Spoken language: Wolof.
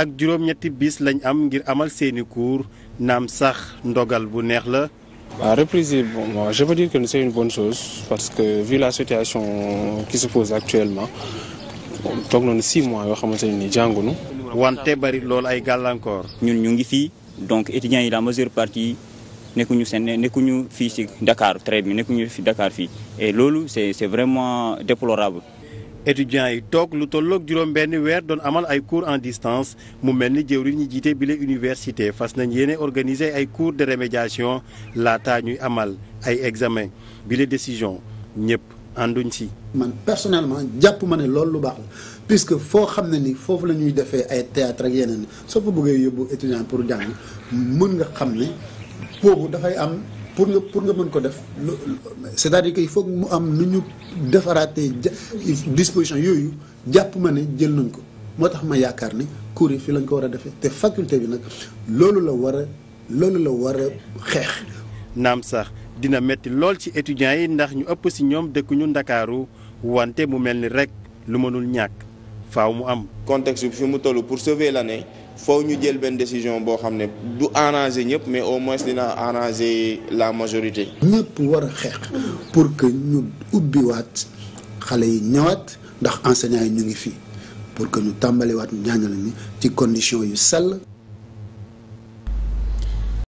ak juróom-ñetti bis lañ am ngir amal seeni cours naam sax ndogal bu neex la. La reprise, bon, moi, je veux dire que c'est une parce que vu la situation qui actuellement toog nañu six mois yoo xamante ne nii jàngunu wante bari loolu ay gàllankoor. ñun ñu ngi fii donc étudiants yi la majeure partie nekkuñu seen nekkuñu fii ci Dakar très bien nekkuñu fi Dakar fii e loolu c'est c'est vraiment déplorable. étudiants yi toog lu tolloog juróom benn weer doon amal ay cours en distance mu mel ni jëwriñ ñi jiite bile université fas nañ yeneen organiser ay cours de remédiation laata ñuy amal ay examen bile décision ñëpp ànduñ si. man personnellement jàpp ma ne loolu lu baax la puisque foo xam ne ni foofu la ñuy defee ay théâtre ak yeneen soo ko bëggee yóbbu étudiant pour jàng mën nga xam ne boobu dafay am. pour nga pour nga mën ko def lu c'est-à-dire que il mu am lu ñu defaraatee disposition yooyu jàpp ma ne jël nañ ko moo tax ma yaakaar ne cours yi fii lañ ko war a defee te faculté bi nag loolu la war a loolu la war a xeex. naam sax dina metti lool ci étudiants yi ndax ñu ëpp si ñoom dëkkuñu ndakaaru wante mu mel ni rek lu mënul ñàkk faaw mu am. contexte bi fi mu toll pour la ne foo ñu jël benn décision boo xam ne du arranger ñëpp mais au moins dina arranger la majorité. ñëpp war a xeex pour que ñu ubbiwaat xale yi ñëwaat ndax enseignants yi ñu ngi fii pour que ñu tàmbaliwaat njàngale mi ci condition yu sell.